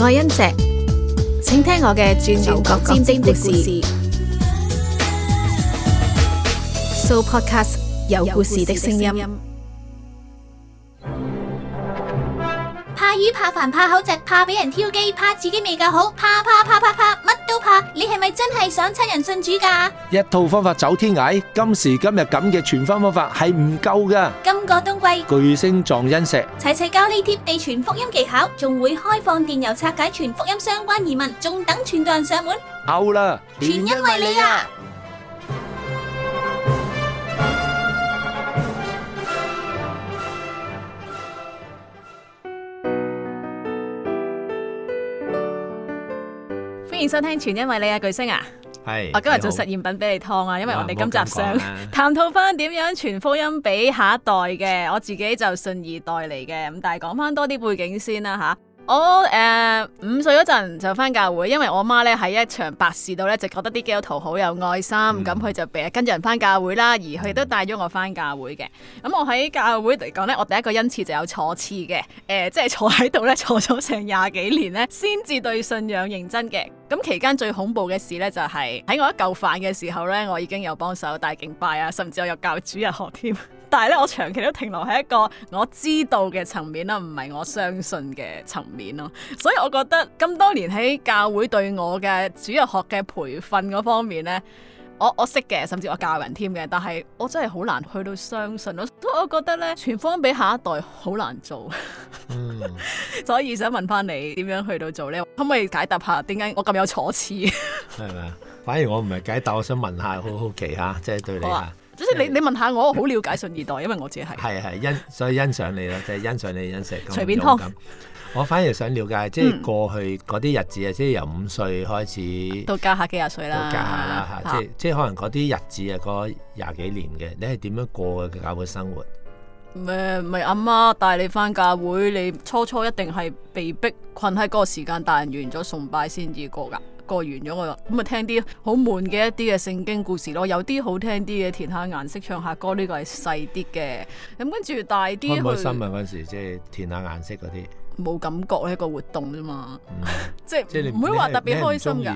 愛恩石，請聽我嘅轉轉角尖尖的故事。So podcast 有故事的聲音。怕魚怕煩怕口窒，怕俾人挑機，怕自己未夠好，怕怕怕怕怕乜都怕，你係咪真係想親人信主噶？一套方法走天涯，今時今日咁嘅傳福音方法係唔夠噶。今個冬季巨星撞恩石，齊齊教呢貼地傳福音技巧，仲會開放電郵拆解傳福音相關疑問，仲等傳道人上門。Out 啦！全因為你啊！歡迎收聽全因為你啊，巨星啊，係我是、哦、今日做實驗品俾你燙啊，好因為我哋今集想探討翻點樣傳福音俾下一代嘅， 我自己就信而代信二代嚟嘅，咁但係講翻多啲背景先啦吓。我誒、呃、五歲嗰陣就返教會，因為我媽咧喺一場白事度咧，就覺得啲基督徒好有愛心，咁佢、嗯、就成日跟住人返教會啦，而佢都帶咗我返教會嘅。咁我喺教會嚟講咧，我第一個恩賜就有坐次嘅，誒、呃、即係坐喺度咧坐咗成廿幾年咧，先至對信仰認真嘅。咁期間最恐怖嘅事咧、就是，就係喺我一嚿飯嘅時候咧，我已經有幫手帶敬拜啊，甚至我有教主日學添。 但係咧，我長期都停留喺一個我知道嘅層面啦，唔係我相信嘅層面咯。所以我覺得咁多年喺教會對我嘅主日學嘅培訓嗰方面咧，我我識嘅，甚至我教人添嘅。但係我真係好難去到相信咯。所以我覺得咧，傳福音俾下一代好難做。 所以想問翻你，點樣去到做咧？可唔可以解答下點解我咁有坐次？係咪啊？反而我唔係解答，我想問下，好好奇吓，即係對你啊。即你，你問下我，好了解信二代，因為我自己係係係欣，所以欣賞你咯，就係欣賞你欣賞，隨便劏，我反而想了解，即係過去嗰啲日子啊，即係由五歲開始、嗯、到家下幾廿歲啦，到家下啦嚇， 即係即係可能嗰啲日子啊，嗰廿幾年嘅，你係點樣過嘅教會生活？唔咪阿媽帶你翻教會，你初初一定係被逼困喺嗰個時間，大人完咗崇拜先至過㗎。過完咗我又咁啊，聽啲好悶嘅一啲嘅聖經故事咯，有啲好聽啲嘅填下顏色、唱下歌呢、呢個係細啲嘅，咁、嗯、跟住大啲開，開心啊！嗰時即係填下顏色嗰啲，冇感覺一、呢個活動啫嘛，嗯、 即係是即係唔會話特別開心噶。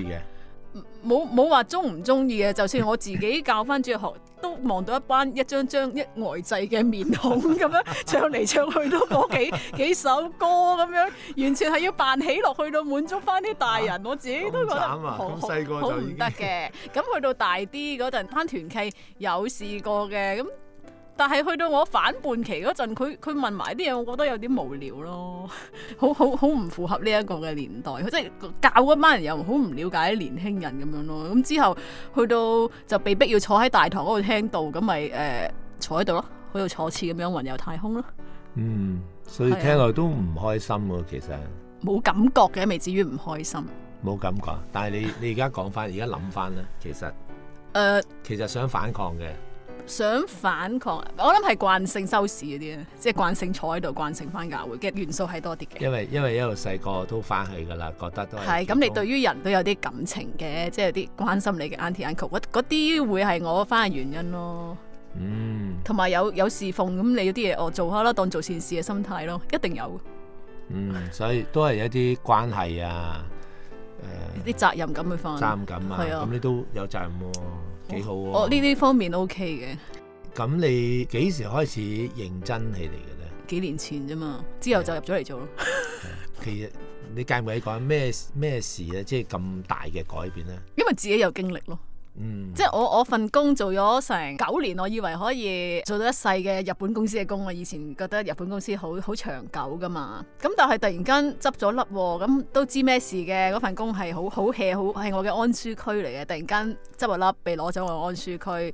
冇冇話鍾唔鍾意嘅，就算我自己教翻主日學，都望到一班一張張一呆滯嘅面孔咁樣 唱嚟唱去都嗰幾幾首歌咁樣，完全係要扮起落去到滿足翻啲大人，啊、我自己都覺得、啊、好細個就唔得嘅，咁 去到大啲嗰陣翻團契有試過嘅咁。但係去到我反叛期嗰陣，佢佢問埋啲嘢，我覺得有啲無聊咯，好好好唔符合呢一個嘅年代，佢即係教嗰班人又好唔了解年輕人咁樣咯。咁之後去到就被逼要坐喺大堂嗰度聽道，咁咪誒坐喺度咯，喺度坐車咁樣雲遊太空咯。嗯，所以聽落都唔開心喎，啊、其實冇感覺嘅，未至於唔開心。冇感覺，但係你你而家講翻，而家諗翻咧，其實誒，呃、其實想反抗嘅。想反抗，我諗係慣性收視嗰啲，即係慣性坐喺度，慣性翻教會嘅元素係多啲嘅。因為因為一路細個都翻去噶啦，覺得都係。係咁，你對於人都有啲感情嘅，即係有啲關心你嘅 aunty uncle，嗰啲會係我翻嘅原因咯。嗯。同埋有有侍奉咁你啲嘢，我做下啦，當做善事嘅心態咯，一定有。嗯，所以都係有一啲關係啊，誒，啲責任感去翻，責任感啊，咁你都有責任喎。幾好喎！呢啲、oh, 方面 OK 嘅。咁你幾時開始認真起嚟嘅咧？幾年前啫嘛，之後就入咗嚟做咯。 其實你介唔介意講咩咩事咧？即係咁大嘅改變咧？因為自己有經歷咯。嗯、即係我我份工做咗成九年，我以為可以做到一世嘅日本公司嘅工。我以前覺得日本公司好好長久噶嘛，咁但係突然間執咗粒，咁都知咩事嘅？嗰份工係好好 hea，好係我嘅安舒區嚟嘅，突然間執咗粒被攞走我安舒區。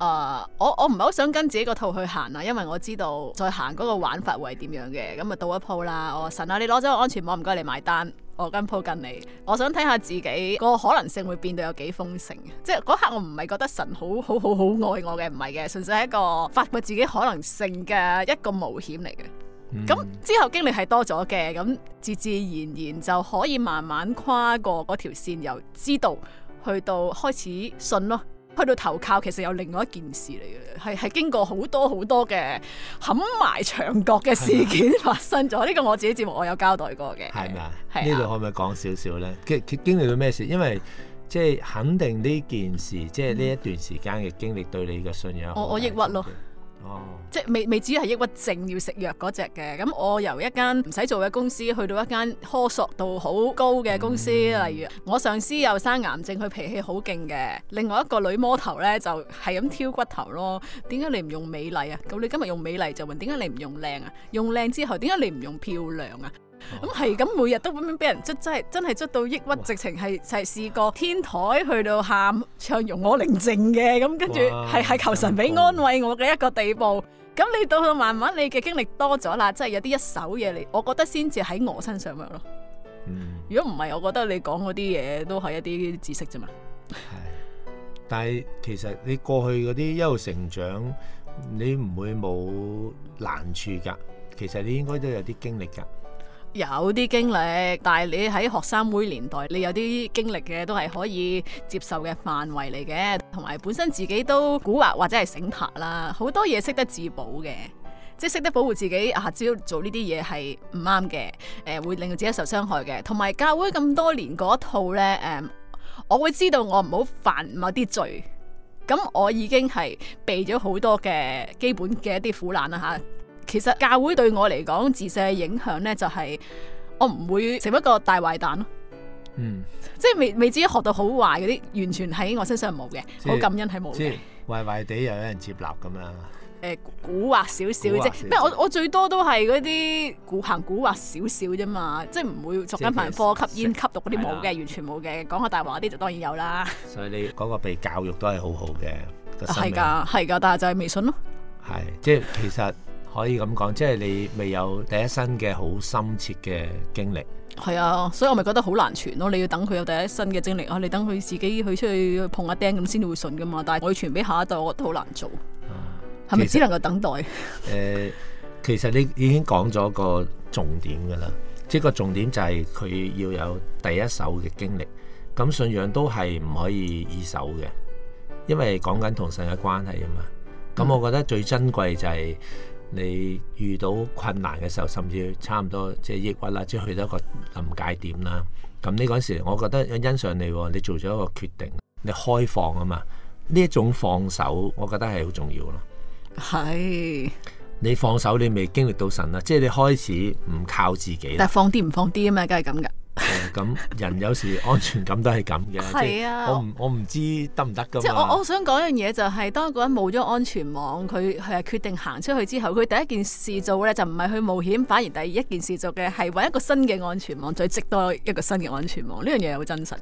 誒、uh，我我唔係好想跟自己個套去行啦，因為我知道再行嗰個玩法會係點樣嘅，咁啊到一鋪啦，我話神啊，你攞咗我安全網，唔該你買單，我跟鋪跟你，我想睇下自己個可能性會變到有幾豐盛，即係嗰刻我唔係覺得神好好好好愛我嘅，唔係嘅，純粹係一個發掘自己可能性嘅一個冒險嚟嘅。咁、嗯、之後經歷係多咗嘅，咁自自然然就可以慢慢跨過嗰條線，由知道去到開始信咯。去到投靠，其實有另外一件事嚟嘅，係係經過好多好多嘅冚埋牆角嘅事件發生咗。呢吧個我自己節目我有交代過嘅。係咪吧啊？呢度可唔可以講少少咧？經經歷到咩事？因為即係肯定呢件事，即係呢一段時間嘅經歷對你嘅信任、嗯。我我抑鬱咯。哦，即係未未止係抑鬱症要食藥嗰隻嘅，咁我由一間唔使做嘅公司去到一間苛索度好高嘅公司，嗯、例如我上司又生癌症，佢脾氣好勁嘅，另外一個女魔頭呢，就係咁挑骨頭咯。點解你唔用美麗啊？咁你今日用美麗就問，點解你唔用靚啊？用靚之後，點解你唔用漂亮啊？咁係咁，哦嗯、每日都咁樣俾人捽，真係真係捽到抑鬱，哇直情係係試過天台去到喊唱容我寧靜嘅咁，跟住係係求神俾安慰我嘅一個地步。咁、嗯嗯、你到到慢慢，你嘅經歷多咗啦，即係有啲一,一手嘢。嚟。我覺得先至喺我身上咪咯。嗯，如果唔係，我覺得你講嗰啲嘢都係一啲知識啫嘛。係，但係其實你過去嗰啲一路成長，你唔會冇難處噶。其實你應該都有啲經歷噶。有啲經歷，但係你喺學生妹年代，你有啲經歷嘅都係可以接受嘅範圍嚟嘅。同埋本身自己都蠱惑或者係醒塔啦，好多嘢識得自保嘅，即係識得保護自己。啊，只要做呢啲嘢係唔啱嘅，誒、呃、會令到自己受傷害嘅。同埋教會咁多年嗰套呢，誒、呃，我會知道我唔好犯某啲罪。咁我已經係避咗好多嘅基本嘅一啲苦難啦，嚇。其實教會對我嚟講，自細嘅影響咧，就係、是、我唔會成為一個大壞蛋咯。嗯，即係未未至於學到好壞嗰啲，完全喺我身上冇嘅，好道感恩係冇嘅。壞壞地又有人接納咁啊？誒、呃，蠱惑少少即係咩？小小我我最多都係嗰啲蠱行蠱惑少少啫嘛，即係唔會從一堂課吸煙吸毒嗰啲冇嘅，的完全冇嘅。講下大話啲就當然有啦。所以你嗰個被教育都係好好嘅，係噶係噶，但係就係迷信咯。係即係其實。可以咁講，即係你未有第一身嘅好深切嘅經歷，係啊，所以我咪覺得好難傳咯。你要等佢有第一身嘅經歷啊，你等佢自己去出去碰下釘咁先至會信噶嘛。但係我要傳俾下一代，我都好難做，係咪只能夠等待？誒，其實你已經講咗個重點㗎啦。即係個重點就係佢要有第一手嘅經歷。咁信仰都係唔可以二手嘅，因為講緊同神嘅關係啊嘛。咁我覺得最珍貴就係。你遇到困難嘅時候，甚至差唔多即係抑鬱啦，即係去到一個臨界點啦。咁呢陣時，我覺得欣賞你，你做咗一個決定，你開放啊嘛。呢一種放手，我覺得係好重要咯。係。你放手，你未經歷到神啦，即係你開始唔靠自己。但係放啲唔放啲啊嘛，梗係咁㗎。咁、 哦、人有時安全感都係咁嘅，我唔我唔知得唔得噶。即係我我想講一樣嘢就係、是，當一個人冇咗安全網，佢佢係決定行出去之後，佢第一件事做咧就唔係去冒險，反而第一件事做嘅係搵一個新嘅安全網，再織多一個新嘅安全網。呢樣嘢好真實，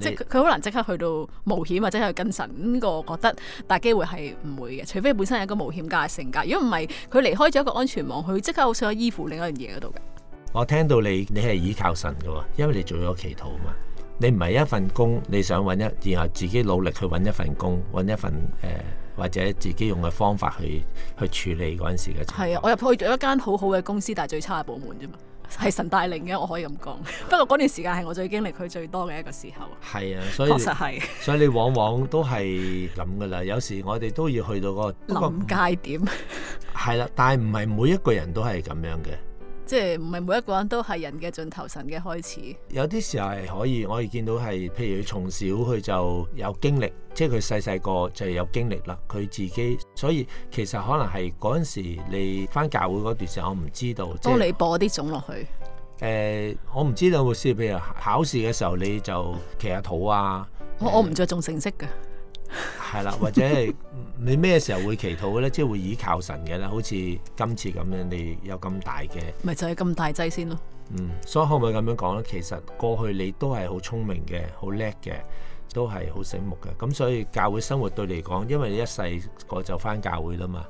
即佢好難即刻去到冒險或者去跟神。呢、那個我覺得大機會係唔會嘅，除非本身係一個冒險家嘅性格。如果唔係，佢離開咗一個安全網，佢即刻好想依附另一樣嘢嗰度嘅。我聽到你，你係依靠神㗎喎，因為你做咗祈禱嘛。你唔係一份工，你想揾一，然後自己努力去揾一份工，揾一份誒、呃，或者自己用嘅方法去去處理嗰陣時嘅。係啊，我入去咗一間好好嘅公司，但係最差嘅部門啫嘛。係神帶領嘅，我可以咁講。 不過嗰段時間係我最經歷佢最多嘅一個時候、啊。係啊，所以確實係。 所以你往往都係咁噶啦。有時我哋都要去到嗰、那個臨界街點。係 啦、啊，但係唔係每一個人都係咁樣嘅。即係唔係每一個人都係人嘅盡頭，神嘅開始。有啲時候係可以，我可以見到係，譬如佢從小佢就有經歷，即係佢細細個就有經歷啦。佢自己，所以其實可能係嗰陣時你返教會嗰段時間，我唔知道。幫你播啲種落去。誒、欸，我唔知道有冇試，譬如考試嘅時候，你就祈下禱啊。我我唔着重成績㗎。係啦， 或者係你咩時候會祈禱咧？即係會倚靠神嘅咧，好似今次咁樣，你有咁大嘅，咪就係咁大劑先咯。嗯，所以可唔可以咁樣講咧？其實過去你都係好聰明嘅，好叻嘅，都係好醒目嘅。咁所以教會生活對你嚟講，因為你一世嗰就翻教會啦嘛，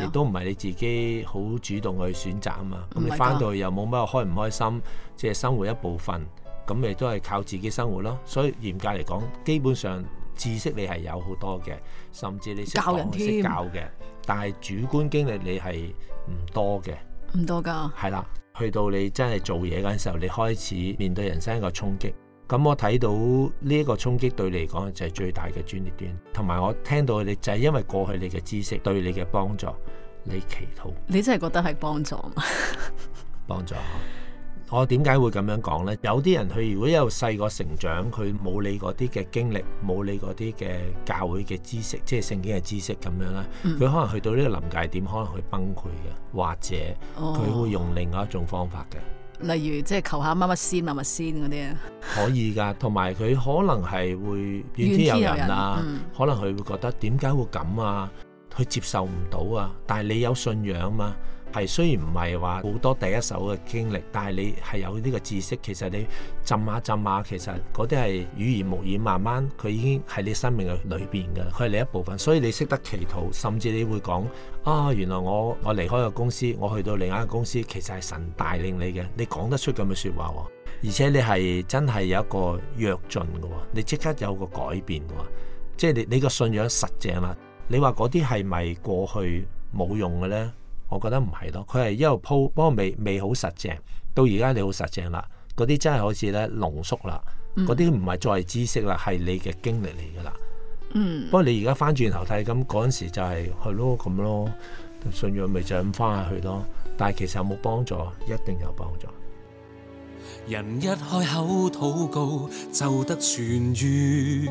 亦、啊、都唔係你自己好主動去選擇啊嘛。咁你翻到去又冇乜開唔開心，即、就、係、是、生活一部分。咁咪都係靠自己生活咯。所以嚴格嚟講，基本上。知識你係有好多嘅，甚至你識教人識教嘅，但係主觀經歷你係唔多嘅，唔多噶。係啦，去到你真係做嘢嗰陣時候，你開始面對人生一個衝擊。咁我睇到呢一個衝擊對你嚟講就係最大嘅轉捩點，同埋我聽到你就係因為過去你嘅知識對你嘅幫助，你祈禱。你真係覺得係幫助嗎？ 幫助。我點解會咁樣講呢？有啲人佢如果有細個成長，佢冇你嗰啲嘅經歷，冇你嗰啲嘅教會嘅知識，即係聖經嘅知識咁樣咧，佢、嗯、可能去到呢個臨界點，可能佢崩潰嘅，或者佢會用另外一種方法嘅、哦，例如即係、就是、求下乜乜先，乜乜先嗰啲啊。可以㗎，同埋佢可能係會怨天尤人啊，人嗯、可能佢會覺得點解會咁啊？佢接受唔到啊！但係你有信仰嘛？係雖然唔係話好多第一手嘅經歷，但係你係有呢個知識。其實你浸下浸下，其實嗰啲係耳濡目染，慢慢佢已經係你生命嘅裏邊嘅，佢係你一部分。所以你識得祈禱，甚至你會講啊，原來我我離開個公司，我去到另一個公司，其實係神帶領你嘅。你講得出咁嘅説話喎，而且你係真係有一個躍進嘅喎，你即刻有個改變喎，即係你你個信仰實淨啦。你話嗰啲係咪過去冇用嘅呢？我覺得唔係咯，佢係一路鋪，不過未未好實淨。到而家你好實淨啦，嗰啲真係好似咧濃縮啦，嗰啲唔係再知識啦，係你嘅經歷嚟噶啦。嗯。不過你而家翻轉頭睇咁嗰陣時就係、是、係咯咁咯，信仰咪就咁翻下去咯。但係其實有冇幫助？一定有幫助。人一開口禱告就得痊癒，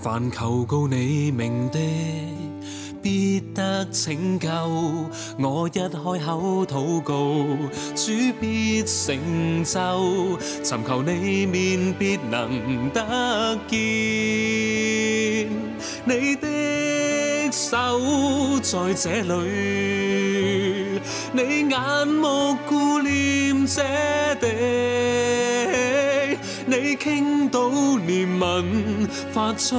凡求告你名的。必得拯救，我一開口禱告，主必成就，尋求你面必能得見。你的手在這裏，你眼目顧念這地。你傾倒憐憫，發出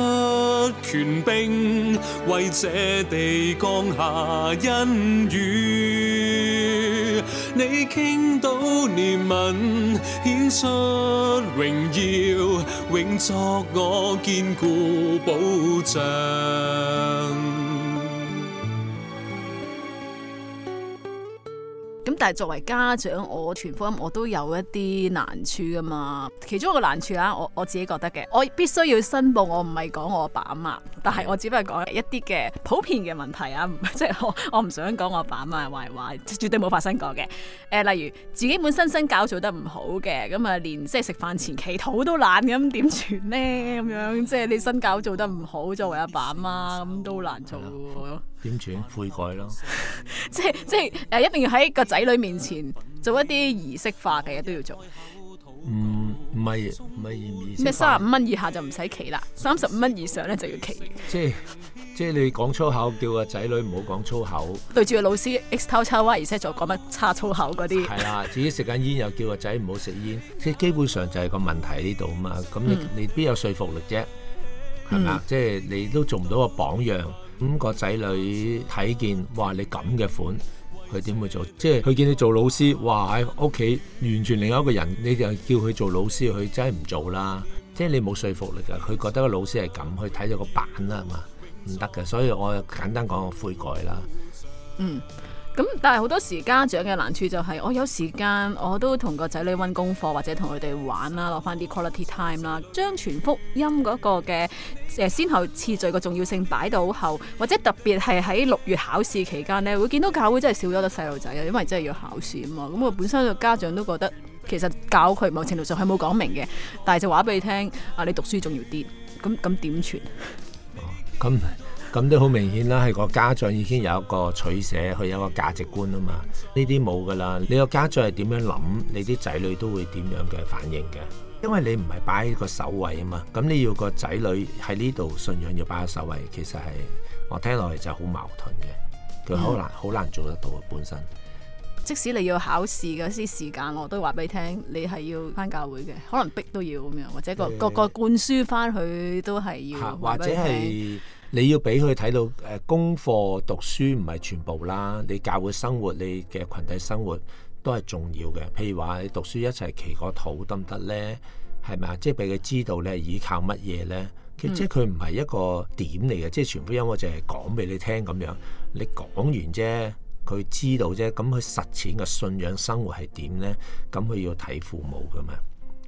權柄，為這地降下恩雨。你傾倒憐憫，顯出榮耀，永作我堅固保障。但係作為家長，我全科咁我都有一啲難處㗎嘛。其中一個難處啊，我我自己覺得嘅，我必須要申報，我唔係講我阿爸阿媽。但係我只不過講一啲嘅普遍嘅問題啊，即係我我唔想講我爸媽嘅壞話，即係絕對冇發生過嘅。誒，例如自己本身身教做得唔好嘅，咁啊連即係食飯前祈禱都懶咁，點傳呢？咁樣即係你身教做得唔好，作為阿爸阿媽咁都難做。點轉？悔改咯，即係即係誒，一定要喺個仔女面前做一啲儀式化嘅嘢都要做。唔唔係唔係二千咩？三十五蚊以下就唔使企啦，三十五蚊以上咧就要企。即即你講粗口，叫個仔女唔好講粗口。對住個老師，X 叉 Y，而且仲講乜差粗口嗰啲？係啦，自己食緊煙又叫個仔唔好食煙，即基本上就係個問題喺呢度嘛。咁你你邊有說服力啫？係嘛？即你都做唔到個榜樣，咁個仔女睇見，哇！你咁嘅款。佢點會做？即係佢見你做老師，哇！喺屋企完全另一個人，你就叫佢做老師，佢真係唔做啦。即係你冇說服力㗎，佢覺得個老師係咁，佢睇咗個板啦嘛，唔得㗎。所以我簡單講個悔改啦，嗯。咁、嗯、但係好多時家長嘅難處就係、是、我、哦、有時間我都同個仔女溫功課或者同佢哋玩啦，攞翻啲 quality time 啦，將全福音嗰個嘅、呃、先後次序個重要性擺到後，或者特別係喺六月考試期間咧，會見到教會真係少咗個細路仔啊，因為真係要考試啊嘛。咁、嗯、我、嗯嗯、本身個家長都覺得其實教佢某程度上係冇講明嘅，但係就話俾你聽啊，你讀書重要啲。咁咁點傳？咁。哦咁都好明顯啦，係個家長已經有一個取捨，佢有個價值觀啊嘛。呢啲冇噶啦，你個家長係點樣諗，你啲仔女都會點樣嘅反應嘅。因為你唔係擺喺個首位啊嘛，咁你要個仔女喺呢度信仰要擺喺首位，其實係我聽落嚟就好矛盾嘅，佢好難好難做得到本身。即使你要考試嗰啲時間，我都話俾你聽，你係要翻教會嘅，可能逼都要咁樣，或者個個個灌輸翻佢都係要，或者係。你要俾佢睇到誒、呃、功課讀書唔係全部啦，你教會生活你嘅群體生活都係重要嘅。譬如話你讀書一齊祈個禱得唔得咧？係咪啊？即係俾佢知道你係依靠乜嘢咧？即係佢唔係一個點嚟嘅，嗯、即係全福音我淨係講俾你聽咁樣，你講完啫，佢知道啫。咁佢實踐嘅信仰生活係點咧？咁佢要睇父母噶嘛？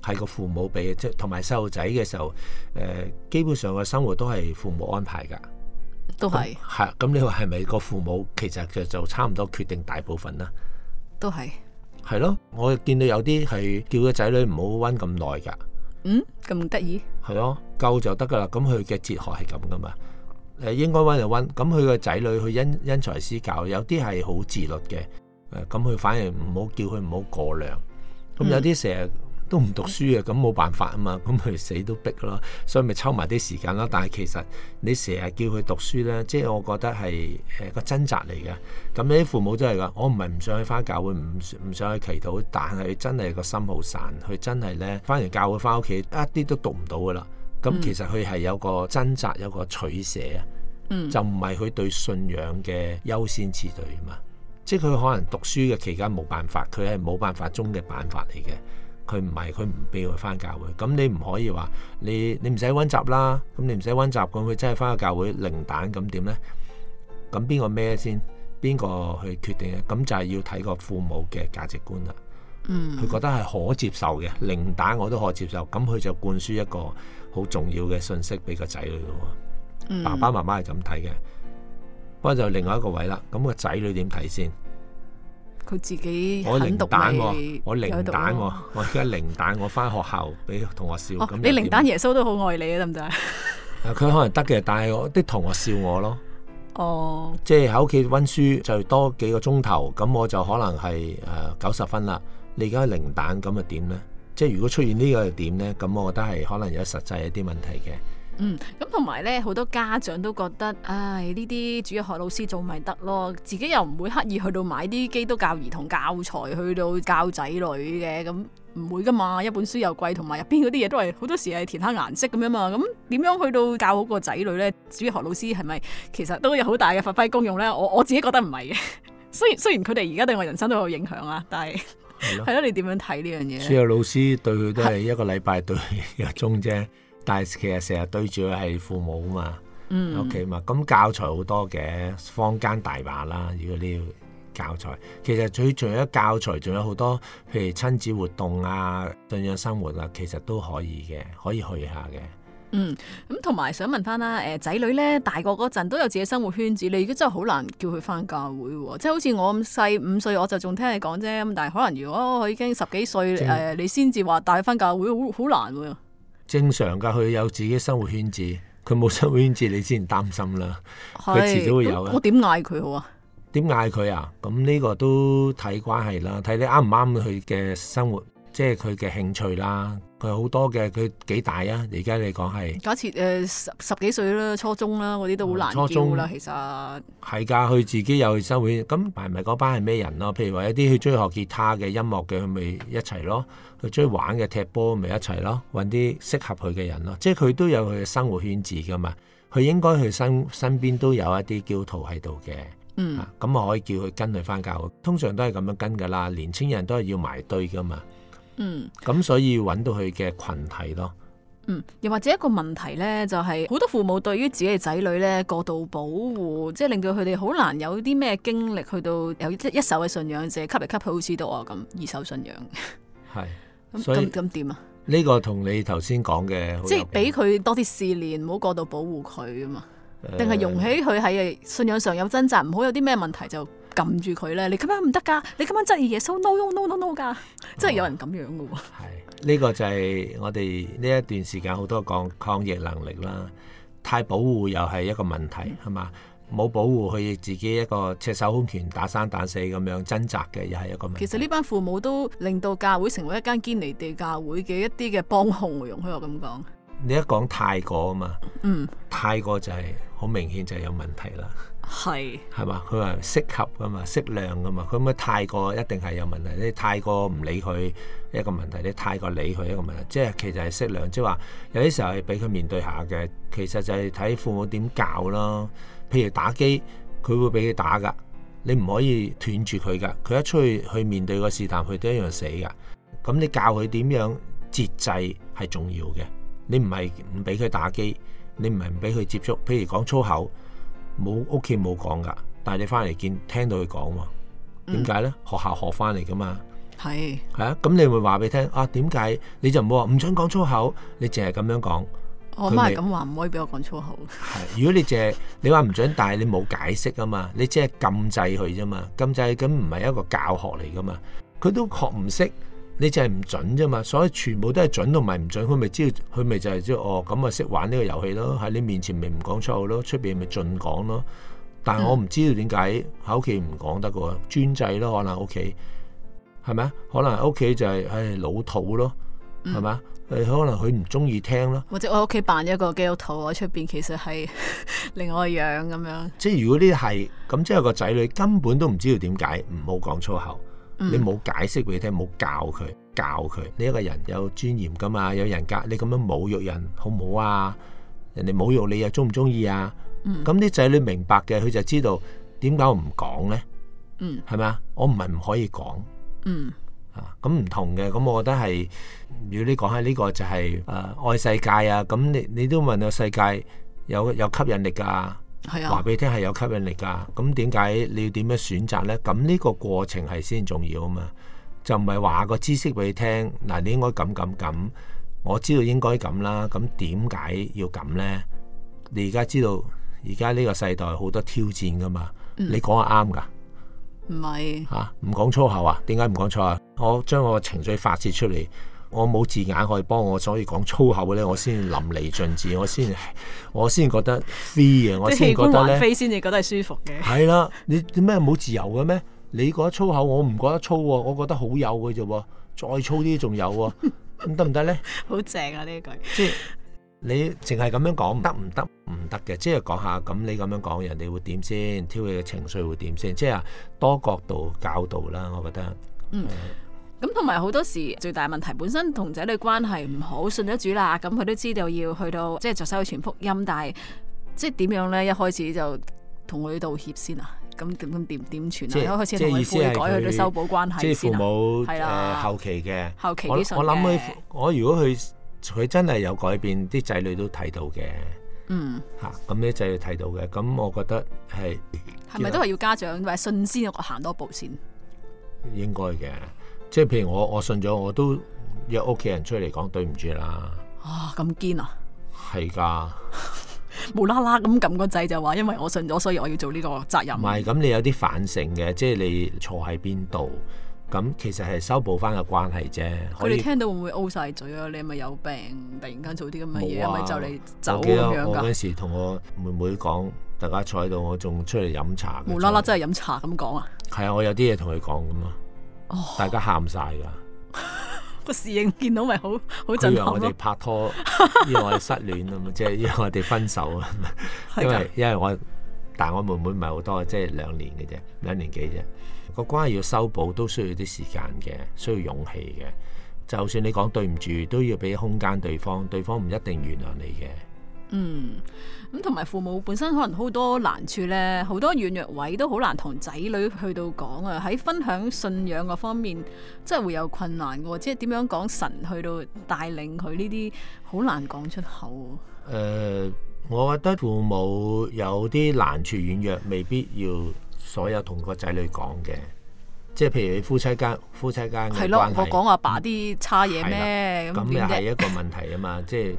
係個父母俾嘅，即係同埋細路仔嘅時候，誒、呃，基本上嘅生活都係父母安排噶，都係係。咁你話係咪個父母其實其實就差唔多決定大部分啦？都係係咯。我見到有啲係叫個仔女唔好溫咁耐噶。嗯，咁得意係咯，夠就得噶啦。咁佢嘅哲學係咁噶嘛。誒，應該溫就溫。咁佢個仔女去因因材施教，有啲係好自律嘅。誒，咁佢反而唔好叫佢唔好過量。咁有啲成日。都唔讀書啊，咁冇辦法啊嘛，咁佢死都逼咯，所以咪抽埋啲時間囉。但係其實你成日叫佢讀書咧，即係我覺得係誒個掙扎嚟嘅。咁你啲父母都係噶，我唔係唔想去翻教會，唔唔想去祈禱，但係佢真係個心好散，佢真係咧翻完教會翻屋企一啲都讀唔到噶啦。咁其實佢係有個掙扎，有個取捨啊，嗯、就唔係佢對信仰嘅優先次序啊嘛。即係佢可能讀書嘅期間冇辦法，佢係冇辦法中嘅辦法嚟嘅。佢唔係，佢唔俾佢翻教會。咁你唔可以話，你你唔使溫習啦，咁你唔使溫習，咁佢真係翻去教會零蛋，咁點呢？咁邊個咩先？邊個去決定呢？咁就係要睇個父母嘅價值觀啦。嗯，佢覺得係可接受嘅零蛋，我都可接受。咁佢就灌輸一個好重要嘅信息俾個仔女。嗯、爸爸媽媽係咁睇嘅，嗯、不過就另外一個位啦。咁、嗯、個仔女點睇先？佢自己我零蛋喎，我零蛋喎，我而家零蛋，我返學校俾同學笑。咁、哦、你零蛋耶穌都好愛你行行 啊，得唔得啊？佢可能得嘅，但係我啲同學笑我咯。哦，即係喺屋企温書就多幾個鐘頭，咁我就可能係誒九十分啦。你而家零蛋咁又點咧？即係如果出現個呢個點咧，咁我覺得係可能有實際一啲問題嘅。嗯，咁同埋咧，好多家長都覺得，唉、哎，呢啲主要學老師做咪得咯，自己又唔會刻意去到買啲基督教兒童教材去到教仔女嘅，咁、嗯、唔會㗎嘛，一本書又貴，同埋入邊嗰啲嘢都係好多時係填黑顏色咁樣嘛，咁、嗯、點樣去到教好個仔女咧？主要學老師係咪其實都有好大嘅發揮功用咧？我我自己覺得唔係嘅，雖然雖然佢哋而家對我人生都有影響啊，但係係咯，你點樣睇呢樣嘢？主要學老師對佢都係一個禮拜對一鐘啫。但係其實成日對住係父母啊嘛，OK 嘛，咁、嗯、教材好多嘅坊間大把啦，如果你要教材，其實除除咗教材，仲有好多，譬如親子活動啊，信仰生活啊，其實都可以嘅，可以去下嘅。嗯，咁同埋想問翻啦，誒仔女咧大個嗰陣都有自己生活圈子，你如果真係好難叫佢翻教會喎、啊，即係好似我咁細五歲，歲我就仲聽你講啫，咁但係可能如果佢已經十幾歲，誒、就是呃、你先至話帶翻教會，好好難喎、啊。正常噶，佢有自己生活圈子，佢冇生活圈子你先擔心啦。佢遲早會有嘅。我點嗌佢好啊？點嗌佢啊？咁呢個都睇關係啦，睇你啱唔啱佢嘅生活，即係佢嘅興趣啦。佢好多嘅，佢幾大啊？而家你講係，假設誒、呃、十十幾歲啦，初中啦嗰啲都好難講啦，初中其實係、啊、㗎。佢自己有生活咁，係咪嗰班係咩人咯？譬如話一啲佢鍾意學吉他嘅音樂嘅，佢咪一齊咯；鍾意玩嘅踢波咪一齊咯，揾啲適合佢嘅人咯。即係佢都有佢嘅生活圈子噶嘛。佢應該佢身身邊都有一啲教徒喺度嘅，嗯，咁、啊、我可以叫佢跟佢返教。通常都係咁樣跟㗎啦。年青人都係要埋堆㗎嘛。嗯，咁所以揾到佢嘅群體咯。嗯，又或者一個問題咧，就係、是、好多父母對於自己嘅仔女咧過度保護，即係令到佢哋好難有啲咩經歷，去到有一,一,一,一手嘅信仰者吸嚟吸去好似到啊咁二手信仰。係咁咁咁點啊？呢個同你頭先講嘅，即係俾佢多啲試練，唔好過度保護佢啊嘛。定係容許佢喺信仰上有掙扎，唔好有啲咩問題就。撳住佢咧，你咁樣唔得噶，你咁樣質疑耶穌，no no no no 噶、no. 哦，真係有人咁樣噶喎是。呢 個就係我哋呢一段時間好多講抗疫能力啦，太保護又係一個問題係嘛，冇保護佢自己一個赤手空拳打生打死咁樣掙扎嘅，又係一個問題。其實呢班父母都令到教會成為一間堅離地教會嘅一啲嘅幫兇，容許我咁講。你一講太過啊嘛，嗯，太過就係、是、好明顯就係有問題啦。係，係嘛？佢話適合㗎嘛，適量㗎嘛。佢唔好太過，一定係有問題。你太過唔理佢一個問題，你太過理佢一個問題。即係其實係適量，即係話有啲時候係俾佢面對下嘅。其實就係睇父母點教咯。譬如打機，佢會俾佢打㗎。你唔可以斷住佢㗎。佢一出去去面對個試探，佢都一樣死㗎。咁你教佢點樣節制係重要嘅。你唔係唔俾佢打機，你唔係唔俾佢接觸。譬如講粗口。冇屋企冇講噶，但係你翻嚟見聽到佢講喎。點解呢？學校學翻嚟噶嘛？係係、嗯、啊，咁你會話俾聽啊？點解你就冇話唔準講粗口？你淨係咁樣講，我咪咁話唔可以俾我講粗口。如果你淨係你話唔準，但係你冇解釋噶嘛？你只係禁制佢啫嘛？禁制佢咁唔係一個教學嚟噶嘛？佢都學唔識。你就係唔準啫嘛，所以全部都係準同埋唔準，佢咪知佢咪就係即係哦咁咪識玩呢個遊戲咯，喺你面前咪唔講粗口咯，出邊咪盡講咯。但係我唔知道點解喺屋企唔講得嘅喎，專制咯可能屋企，係咪啊？可能屋企就係唉老土咯，係咪啊？誒可能佢唔中意聽咯。或者我屋企扮咗一個基督徒，我出邊其實係另外樣咁樣。即係如果呢啲係咁，即係個仔女根本都唔知道點解唔好講粗口。你冇解釋俾佢聽，冇教佢教佢。你一個人有尊嚴噶嘛，有人格，你咁樣侮辱人，好唔好啊？人哋侮辱你啊，鍾唔鍾意啊？咁啲仔女明白嘅，佢就知道點解我唔講咧？嗯，係咪啊？我唔係唔可以講。嗯啊，咁唔同嘅，咁我覺得係，如果你講下呢個就係誒愛世界啊，咁你你都問到世界有有吸引力噶。係啊，話俾你聽係有吸引力噶。咁點解你要點樣選擇呢？咁呢個過程係先重要啊嘛，就唔係話個知識俾你聽嗱、啊，你應該咁咁咁。我知道應該咁啦。咁點解要咁呢？你而家知道而家呢個世代好多挑戰噶嘛？嗯、你講啱噶？唔係吓唔講粗口啊？點解唔講粗口啊？我將我情緒發泄出嚟。我冇字眼可以幫我，所以講粗口咧，我先淋漓盡致，我先我先覺得 free 嘅，我先覺得咧，先至覺得係舒服嘅。係 啦，你點咩冇自由嘅咩？你覺得粗口，我唔覺得粗，我覺得好有嘅啫。再粗啲仲有喎、啊，咁得唔得咧？ 好正啊！呢、這、句、個、即係你淨係咁樣講，得唔得唔得嘅，即係講下咁，你咁樣講，人哋會點先？挑起嘅情緒會點先？即係多角度教導啦，我覺得嗯。咁同埋好多時最大問題本身同仔女關係唔好，信咗主啦，咁佢都知道要去到即係就收去傳福音，但係即係點樣咧？一開始就同佢道歉先啊？咁點點點點傳啊？一開始佢悔改，去到修補關係即係父母係啦、啊、後期嘅後期啲信嘅。我諗佢，我如果佢佢真係有改變，啲仔女都睇到嘅。嗯吓咁啲仔女睇到嘅，咁我覺得係係咪都係要家長或者 信先行多一步先？應該嘅。即係譬如我我信咗我都約屋企人出嚟講對唔住啦，啊咁堅啊，係噶，的 無啦啦咁撳個掣就話，因為我信咗所以我要做呢個責任。唔係咁你有啲反省嘅，即係你錯喺邊度，咁其實係修補翻個關係啫。佢哋聽到會唔會 O 晒嘴啊？你係咪有病？突然間做啲咁嘅嘢，咪就嚟走咁樣。我記得我嗰時同我妹妹講，大家坐喺度，我仲出嚟飲茶。無啦啦真係飲茶咁講啊？係啊，我有啲嘢同佢講咁咯。大家喊晒噶，個侍應見到咪好好就以為，我哋拍拖，因為我哋失戀啊嘛，即係因為我哋分手啊。因為因為我，但我妹妹唔係好多，即係兩年嘅啫，兩年幾啫。個關係要修補，都需要啲時間嘅，需要勇氣嘅。就算你講對唔住，都要俾空間對方，對方唔一定原諒你嘅。嗯，咁同埋父母本身可能好多難處咧，好多軟弱位都好難同仔女去到講啊。喺分享信仰個方面，真係會有困難嘅。即係點樣講神去到帶領佢呢啲，好難講出口。誒、呃，我覺得父母有啲難處軟弱，未必要所有同個仔女講嘅。即係譬如夫妻間、夫妻間嘅關係。係咯，我講阿爸啲差嘢咩咁？咁又係一個問題啊嘛， 即係。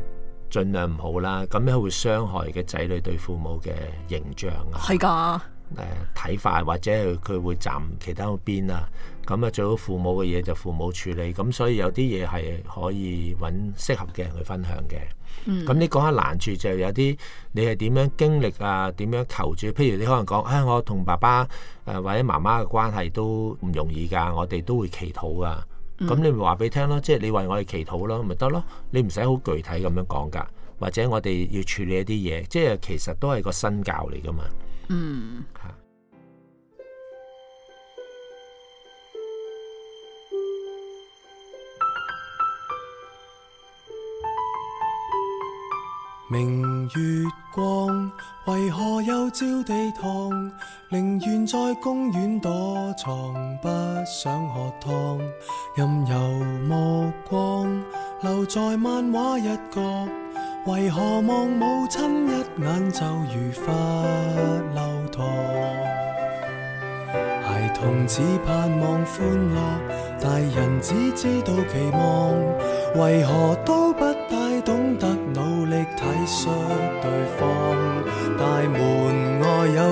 儘量唔好啦，咁樣會傷害嘅仔女對父母嘅形象啊，係㗎的，誒睇、呃、法或者佢會站其他邊啊，咁啊最好父母嘅嘢就父母處理，咁所以有啲嘢係可以揾適合嘅人去分享嘅。咁、嗯、你講下難處就係、是、有啲你係點樣經歷啊，點樣求助？譬如你可能講，誒、哎、我同爸爸誒、呃、或者媽媽嘅關係都唔容易㗎，我哋都會祈禱㗎、啊。咁、嗯、你咪話俾你聽咯，即係你為我哋祈禱咯，咪得咯，你唔使好具體咁樣講㗎，或者我哋要處理一啲嘢，即係其實都係個身教嚟㗎嘛。嗯。明月光，為何又照地堂？寧願在公園躲藏，不想喝湯。任由目光留在漫畫一角，為何望母親一眼就如罰留堂？孩童只盼望歡樂，大人只知道期望。為何？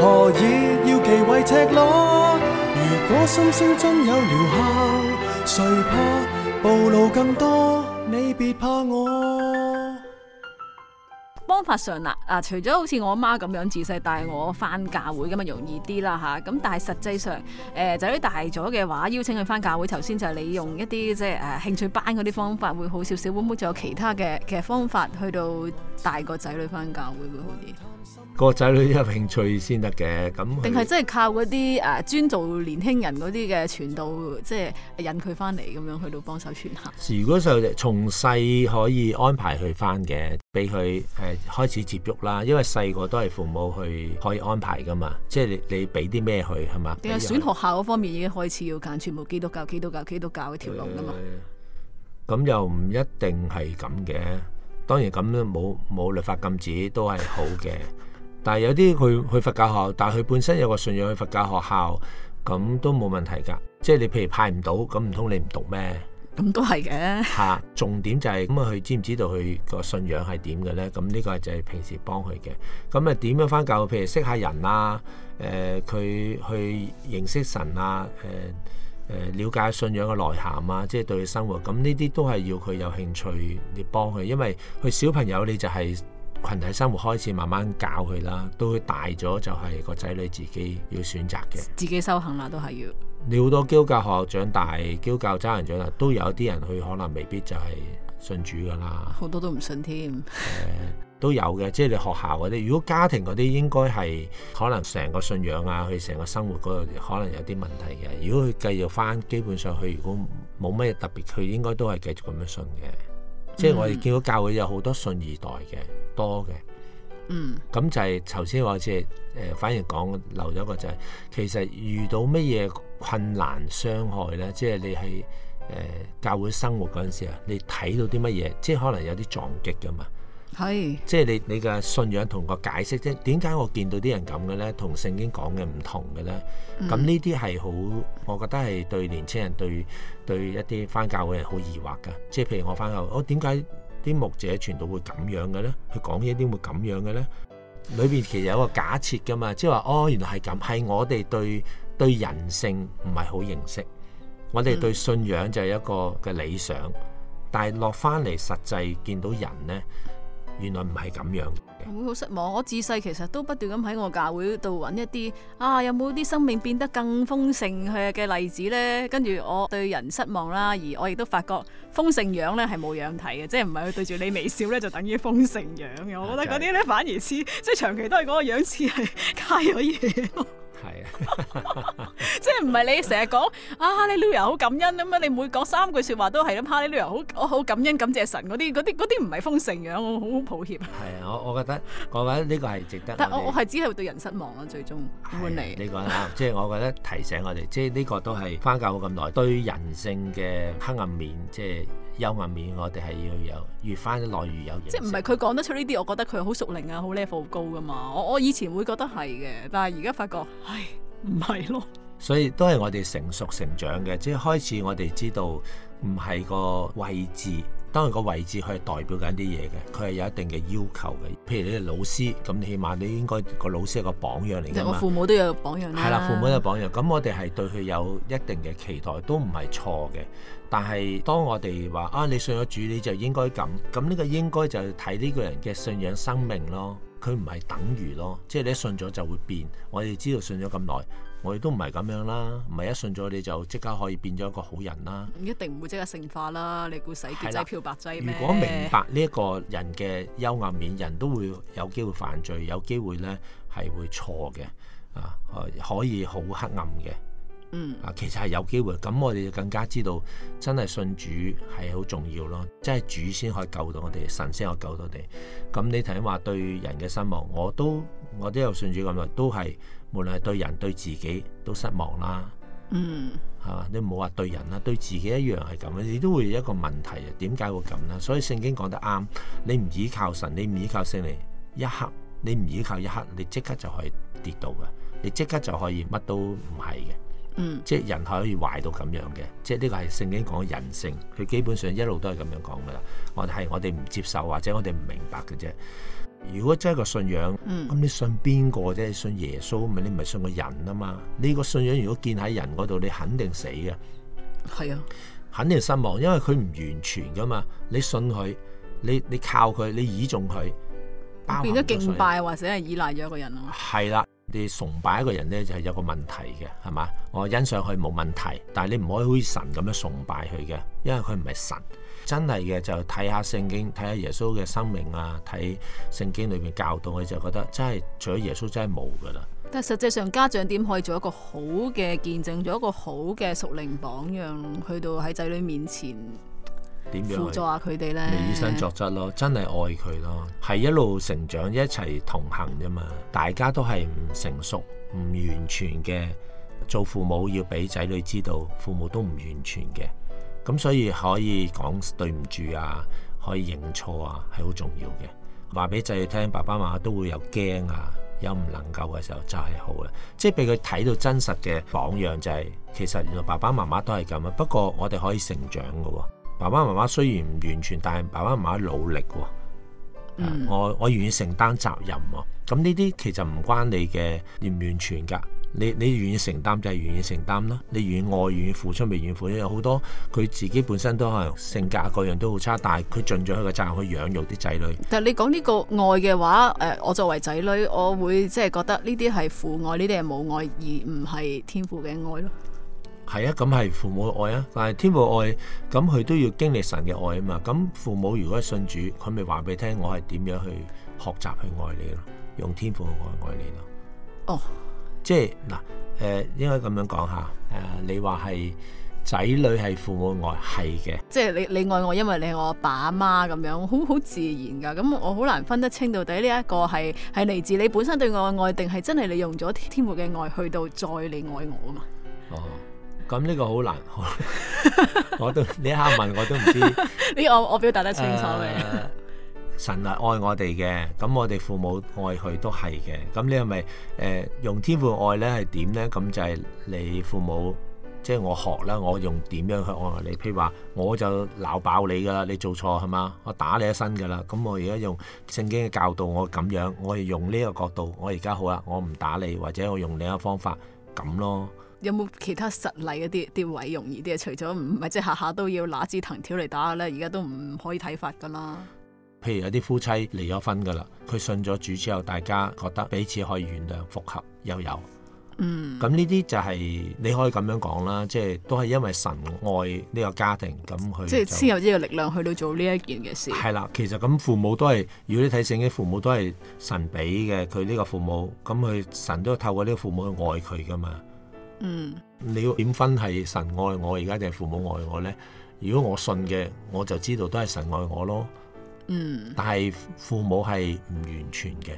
何以要赤裸？如果心聲真有怕誰怕暴露多？你別怕我方法上啦，嗱、啊，除咗好似我阿媽咁樣自細帶我翻教會咁啊，容易啲啦嚇。咁但係實際上，誒、呃、仔女大咗嘅話，邀請佢翻教會，頭先就係你用一啲即係誒興趣班嗰啲方法會好少少。會唔會仲有其他嘅嘅方法去到帶個仔女翻教會會好啲？個仔女有興趣先得嘅，咁定係真係靠嗰啲誒專做年輕人嗰啲嘅傳道，即係引佢翻嚟咁樣去到幫手傳下。如果就從細可以安排佢翻嘅，俾佢誒開始接觸啦。因為細個都係父母去可以安排噶嘛，即係你你俾啲咩佢係嘛？定係選學校嗰方面已經開始要揀，全部基督教、基督教、基督教一條龍噶嘛？咁又唔一定係咁嘅，當然咁樣冇冇立法禁止都係好嘅。但係有啲佢去佛教學校，但係佢本身有個信仰去佛教學校，咁都冇問題㗎。即係你譬如派唔到，咁唔通你唔讀咩？咁、嗯、都係嘅。嚇，重點就係咁啊，佢知唔知道佢個信仰係點嘅咧？咁呢個就係平時幫佢嘅。咁啊，點樣返教？譬如識下人啊，誒、呃，佢去認識神啊，誒、呃、誒，瞭解信仰嘅內涵啊，即係對佢生活。咁呢啲都係要佢有興趣，你幫佢，因為佢小朋友你就係、是。群體生活開始慢慢教佢啦，到佢大咗就係個仔女自己要選擇嘅，自己修行啦，都係要。你好多基督教學校長大，基督教真人長大，都有啲人佢可能未必就係信主噶啦，好多都唔信添、嗯。都有嘅，即係你學校嗰啲，如果家庭嗰啲應該係可能成個信仰啊，佢成個生活嗰度可能有啲問題嘅。如果佢繼續翻，基本上佢如果冇乜特別，佢應該都係繼續咁樣信嘅。即係我哋見到教會有好多信二代嘅多嘅，嗯，咁就係頭先我即係誒，反而講留咗個就係、是、其實遇到乜嘢困難傷害咧，即係你喺誒、呃、教會生活嗰陣時啊，你睇到啲乜嘢，即係可能有啲撞擊㗎嘛。係，即係你你嘅信仰同個解釋啫。點解我見到啲人咁嘅咧？同聖經講嘅唔同嘅咧。咁呢啲係好，我覺得係對年青人、對對一啲翻教會人好疑惑㗎。即係譬如我翻教，我點解啲牧者傳道會咁樣嘅咧？佢講嘢點會咁樣嘅咧？裏邊其實有個假設㗎嘛，即係話哦，原來係咁，係我哋對對人性唔係好認識。我哋對信仰就係一個嘅理想，但係落翻嚟實際見到人咧。原來唔係咁樣。會好失望。我自細其實都不斷咁喺我教會度揾一啲啊，有冇啲生命變得更豐盛嘅嘅例子咧？跟住我對人失望啦，而我亦都發覺豐盛樣咧係冇樣睇嘅，即係唔係佢對住你微笑咧就等於豐盛樣嘅。我覺得嗰啲咧反而似，即係長期都係嗰個樣似係加咗嘢。係啊，即係唔係你成日講啊？你 Lulu 好感恩咁樣，你每講三句說話都係咁。哈！Lulu 好我好感恩感謝神嗰啲嗰啲嗰啲唔係豐盛樣，我好好抱歉。係啊，我我覺得。我覺得呢個係值得，但我我係只係對人失望啦，最終，你講啊， 即係我覺得提醒我哋，即係呢個都係翻敎咁耐，對人性嘅黑暗面，即係幽暗面，我哋係要有越翻耐越，越有。即係唔係佢講得出呢啲，我覺得佢好熟齡啊，好 level 好高噶嘛。我我以前會覺得係嘅，但係而家發覺係唔係咯。所以都係我哋成熟成長嘅，即係開始我哋知道唔係個位置。當佢個位置，佢係代表緊啲嘢嘅，佢係有一定嘅要求嘅。譬如你係老師，咁起碼你應該個老師係個榜樣嚟嘅。父母都有榜樣啦。係啦，父母有榜樣，咁我哋係對佢有一定嘅期待，都唔係錯嘅。但係當我哋話啊，你信咗主你就應該咁，咁呢個應該就睇呢個人嘅信仰生命咯。佢唔係等於咯，即係你信咗就會變。我哋知道信咗咁耐。我哋都唔係咁樣啦，唔係一信咗你就即刻可以變咗一個好人啦。一定唔會即刻聖化啦，你估洗潔劑漂白劑咩？如果明白呢一個人嘅幽暗面，人都會有機會犯罪，有機會咧係會錯嘅啊，可以好黑暗嘅。嗯啊，其實係有機會。咁我哋就更加知道真係信主係好重要咯。真係主先可以救到我哋，神先可以救到我哋。咁你頭先話對人嘅失望，我都我都有信主咁樣，都係。無論係對人對自己都失望啦，嗯，係嘛？你唔好話對人啦，對自己一樣係咁嘅，你都會有一個問題啊。點解會咁咧？所以聖經講得啱，你唔依靠神，你唔依靠聖靈，一刻你唔依靠一刻，你即刻就可以跌到嘅，你即刻就可以乜都唔係嘅，mm. 即係人可以壞到咁樣嘅，即係呢個係聖經講嘅人性，佢基本上一路都係咁樣講噶啦。我哋係我哋唔接受或者我哋唔明白嘅啫。如果真係個信仰，咁、嗯、你信邊個啫？信耶穌咪？你唔係信個人啊嘛？呢、這個信仰如果建喺人嗰度，你肯定死嘅。係啊的，肯定失望！因為佢唔完全噶嘛。你信佢，你你靠佢，你倚重佢，變咗敬拜或者係依賴咗一個人。係啦，你崇拜一個人咧就係有個問題嘅，係嘛？我欣賞佢冇問題，但係你唔可以好似神咁樣崇拜佢嘅，因為佢唔係神。真係嘅就睇下聖經，睇下耶穌嘅生命啊，睇聖經裏面教導，我就覺得真係除咗耶穌真係冇噶啦。但係實際上家長點可以做一個好嘅見證，做一個好嘅屬靈榜樣，去到喺仔女面前，點樣輔助下佢哋呢？你以身作則咯，真係愛佢咯，係一路成長一齊同行啫嘛。大家都係唔成熟、唔完全嘅，做父母要俾仔女知道，父母都唔完全嘅。咁所以可以講對唔住啊，可以認錯啊，係好重要嘅。話俾仔女聽，爸爸媽媽都會有驚啊，有唔能夠嘅時候就係、是、好啦。即係俾佢睇到真實嘅榜樣、就是，就係其實原來爸爸媽媽都係咁啊。不過我哋可以成長嘅喎、啊，爸爸媽媽雖然唔完全，但係爸爸媽媽努力喎、啊。嗯、我我願意承擔責任喎、啊。咁呢啲其實唔關你嘅完唔完全㗎。你你願意承擔就係願意承擔啦，你願意愛願意付出咪願意付出。有好多佢自己本身都係性格個樣都好差，但係佢盡咗佢個責任去養育啲仔女。但係你講呢個愛嘅話，誒、呃，我作為仔女，我會即係覺得呢啲係父愛，呢啲係母愛，而唔係天父嘅愛咯。係啊，咁係父母嘅愛啊，但係天父愛，咁佢都要經歷神嘅愛啊嘛。咁父母如果係信主，佢咪話俾你聽我係點樣去學習去愛你咯，用天父嘅愛愛你咯。哦。Oh. 即係嗱，誒、呃、應該咁樣講下：誒、呃、你話係仔女係父母愛，係嘅。即係你你愛我，因為你係我阿爸阿媽咁樣，好好自然㗎。咁我好難分得清到底呢一個係係嚟自你本身對我嘅愛，定係真係你用咗天父嘅愛去到再你愛我啊嘛？哦，咁呢個好難， 我都 你一下問我都唔知。 你我我表達得清楚咩、uh？ 神係愛我哋嘅，咁我哋父母愛佢都係嘅。咁你係咪誒用天父愛咧？係點咧？咁就係你父母，即係我學啦。我用點樣去愛你？譬如話我就鬧爆你噶啦，你做錯係嘛？我打你一身噶啦。咁我而家用聖經嘅教導，我咁樣，我係用呢個角度。我而家好啦，我唔打你，或者我用另一個方法咁咯。有冇其他實例一啲啲位容易啲啊？除咗唔係即係下下都要拿支藤條嚟打咧，而家都唔可以體罰噶啦。譬如有啲夫妻離咗婚噶啦，佢信咗主之後，大家覺得彼此可以原諒復合又有，嗯，咁呢啲就係、是、你可以咁樣講啦，即係都係因為神愛呢個家庭，咁去。即係先有呢個力量去到做呢一件嘅事。係啦，其實咁父母都係，如果你睇聖經，父母都係神俾嘅，佢呢個父母，咁佢神都透過呢個父母去愛佢噶嘛，嗯，你要點分係神愛我而家定係父母愛我咧？如果我信嘅，我就知道都係神愛我咯。嗯，但係父母係唔完全嘅，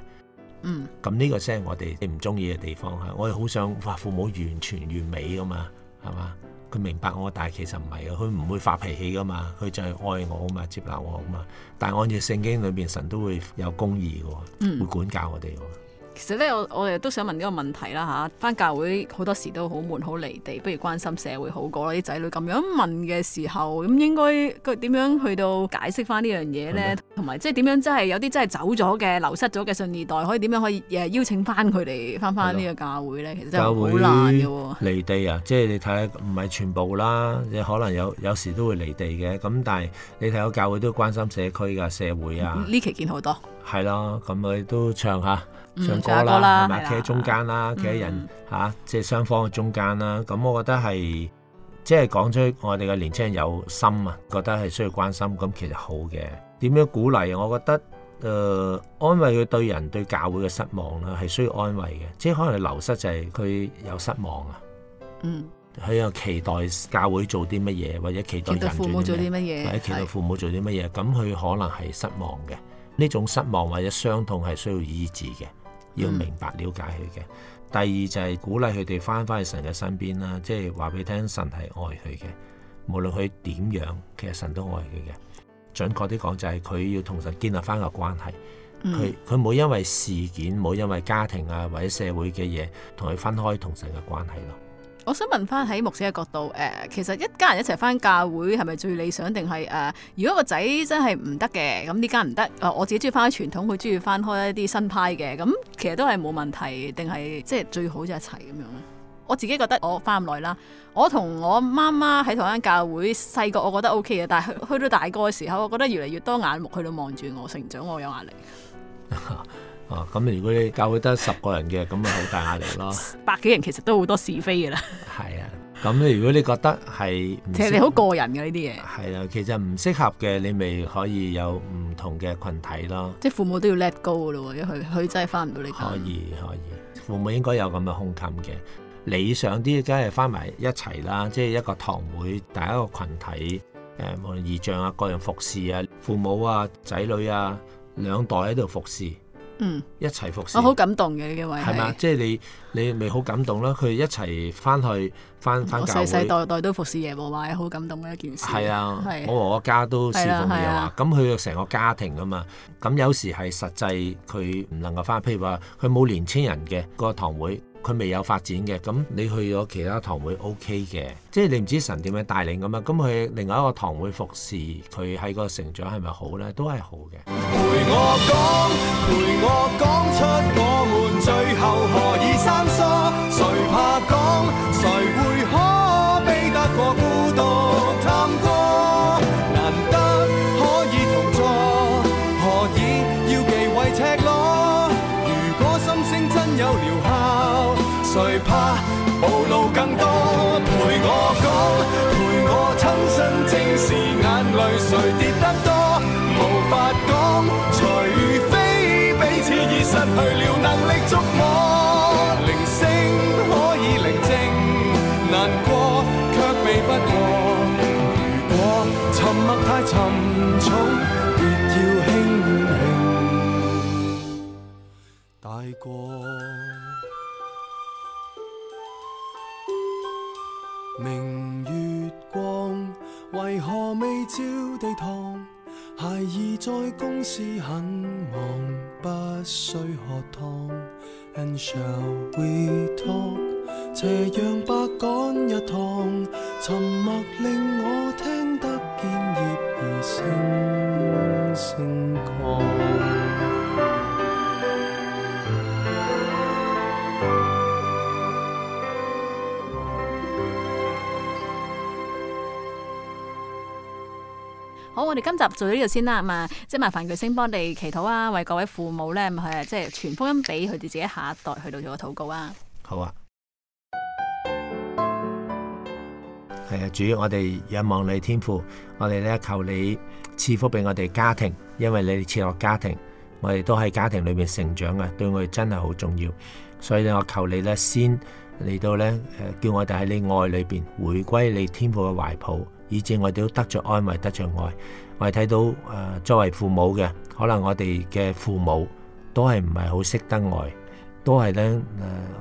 嗯，咁呢個先係我哋唔中意嘅地方吓，我哋好想話父母完全完美噶嘛，係嘛？佢明白我，但係其實唔係嘅，佢唔會發脾氣噶嘛，佢就係愛我啊嘛，接納我啊嘛，但係按照聖經裏邊神都會有公義嘅，會管教我哋嘅。嗯其實咧，我我哋都想問呢個問題啦嚇。翻、啊、教會好多時都好悶，好離地，不如關心社會好過啦。啲仔女咁樣問嘅時候，咁應該佢點樣去到解釋翻呢的樣嘢咧？同埋即係點樣，即係有啲真係走咗嘅、流失咗嘅信二代，可以點樣可以邀請翻佢哋翻翻呢個教會咧？的其實就好難嘅喎、啊。離地啊，即係你睇下，唔係全部啦，你可能有有時都會離地嘅。咁但係你睇下，教會都關心社區噶、啊、社會啊。呢期見好多。係咯，咁佢都唱下。唱歌啦，係咪？企喺中間啦，企喺的人吓，即係雙方嘅中間啦。咁、嗯嗯、我覺得係，即係講出我哋嘅年青人有心啊，覺得係需要關心，咁其實好嘅。點樣鼓勵？我覺得誒、呃，安慰佢對人對教會嘅失望啦，係需要安慰嘅。即係可能流失就係佢有失望啊。嗯，佢有期待教會做啲乜嘢，或者期待人做啲乜嘢，或者期待父母做啲乜嘢？咁佢可能係失望嘅。呢種失望或者傷痛係需要醫治嘅。要明白了解佢嘅，第二就係鼓勵佢哋翻返去神嘅身邊啦，即係話俾佢聽神係愛佢嘅，無論佢點樣，其實神都愛佢嘅。準確啲講就係、是、佢要同神建立翻個關係，佢佢冇因為事件，冇因為家庭啊，或者社會嘅嘢同佢分開同神嘅關係咯。我想問翻喺牧師嘅角度，誒、呃，其實一家人一齊翻教會係咪最理想？定係誒，如果個仔真係唔得嘅，咁呢間唔得，我自己中意翻開傳統，佢中意翻開一啲新派嘅，咁、嗯、其實都係冇問題，定係即係最好就一齊咁樣。我自己覺得我翻唔耐啦，我同我媽媽喺同一間教會，細個我覺得 O K 嘅，但係去，去到大個嘅時候，我覺得越嚟越多眼目去到望住我，成長我有壓力。 咁、哦、如果你教會得十個人嘅，咁咪好大壓力咯。百幾人其實都好多是非嘅啦。係啊，咁咧如果你覺得係，其實你好個人噶呢啲嘢。係啊，其實唔適合嘅，你咪可以有唔同嘅群體咯。即係父母都要 let go 噶咯，因為佢佢真係翻唔到呢個。可以可以，父母應該有咁嘅胸襟嘅。理想啲梗係翻埋一齊啦，即係一個堂會，第一個群體，誒、呃，無論異象啊、個人服侍啊、父母啊、仔女啊，兩代喺度服侍。嗯，一齊服侍，我好感動嘅呢位係，即係你你咪好感動啦！佢一齊翻去翻翻世世代代都服侍耶和華，好感動嘅一件事。係啊，啊我和我家都侍奉耶和華，咁佢成個家庭啊嘛，咁有時係實際佢唔能夠翻，譬如話佢冇年青人嘅嗰個堂會。佢未有發展嘅，咁你去咗其他堂會 OK 嘅，即係你唔知神點樣帶領咁啊？咁佢另外一個堂會服侍佢喺個成長係咪好咧？都係好嘅。陪陪我我我講講講。出我們最後何以誰怕講明月光，為何未照地堂？孩兒在公司很忙，不需喝湯。And shall we talk? 斜陽白趕一趟，沉默令我聽得見葉兒聲聲我哋今集做到呢度先啦，咁、嗯、啊，即係麻煩巨星幫你祈禱啊，為各位父母咧，咁係即係傳福音俾佢哋自己下一代去到做個禱告啊。好啊，係 啊，主，我哋仰望你天父，我哋咧求你賜福俾我哋家庭，因為你哋設落家庭，我哋都喺家庭裏面成長啊，對我哋真係好重要，所以咧我求你咧先嚟到咧，誒，叫我哋喺你愛裏邊回歸你天父嘅懷抱。以至我哋都得着安慰，得着愛。我哋睇到誒、呃，作為父母嘅，可能我哋嘅父母都係唔係好識得愛，都係咧誒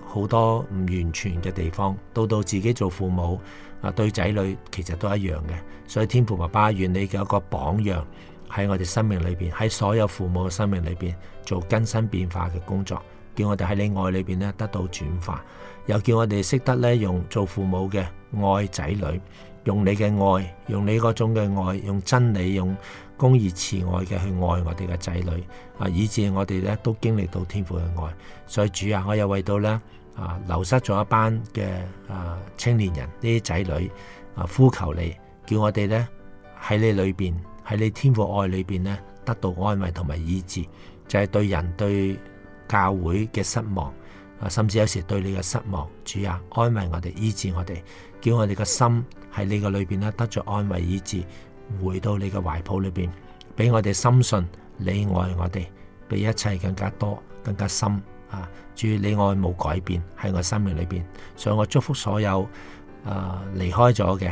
好多唔完全嘅地方。到到自己做父母啊，對仔女其實都一樣嘅。所以天父爸爸願你嘅一個榜樣喺我哋生命裏邊，喺所有父母嘅生命裏邊做更新變化嘅工作，叫我哋喺你愛裏邊咧得到轉化，又叫我哋識得咧用做父母嘅愛仔女。用你嘅愛，用你嗰種嘅愛，用真理，用公義、慈愛嘅去愛我哋嘅仔女啊，以至我哋咧都經歷到天父嘅愛。所以主啊，我又為到咧啊流失咗一班嘅啊青年人呢啲仔女啊，呼求你叫我哋咧喺你裏邊，喺你天父愛裏邊咧得到安慰同埋醫治，就係對人對教會嘅失望啊，甚至有時對你嘅失望。主啊，安慰我哋，醫治我哋，叫我哋嘅心。喺你嘅裏邊咧，得着安慰，以至回到你嘅懷抱裏邊，俾我哋深信你愛我哋，俾一切更加多、更加深啊！主，你愛冇改變喺我生命裏邊，所以我祝福所有啊離開咗嘅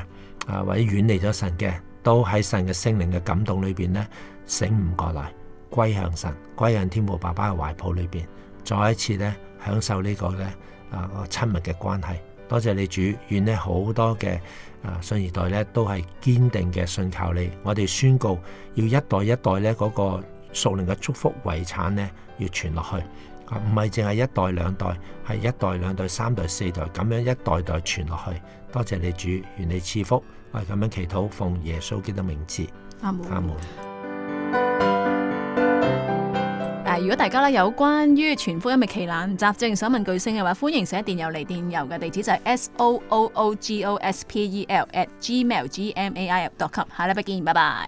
啊或者遠離咗神嘅，都喺神嘅聖靈嘅感動裏邊咧醒唔過嚟，歸向神，歸向天父爸爸嘅懷抱裏邊，再一次咧享受個呢個咧啊親密嘅關係。多謝你主，願呢好多嘅。啊！新一代咧都係堅定嘅信靠你，我哋宣告要一代一代咧嗰、那個屬靈嘅祝福遺產咧要傳落去，唔係淨係一代兩代，係一代兩代三代四代咁樣一代代傳落去。多謝你主，願你賜福，我啊咁樣祈禱，奉耶穌基督名字。阿門們，阿如果大家咧有關於全福音嘅奇難雜症想問巨星嘅話，歡迎寫電郵嚟，電郵嘅地址就係 s o o o g o s p e l at gmail g m a i l dot com。下禮拜見，拜拜。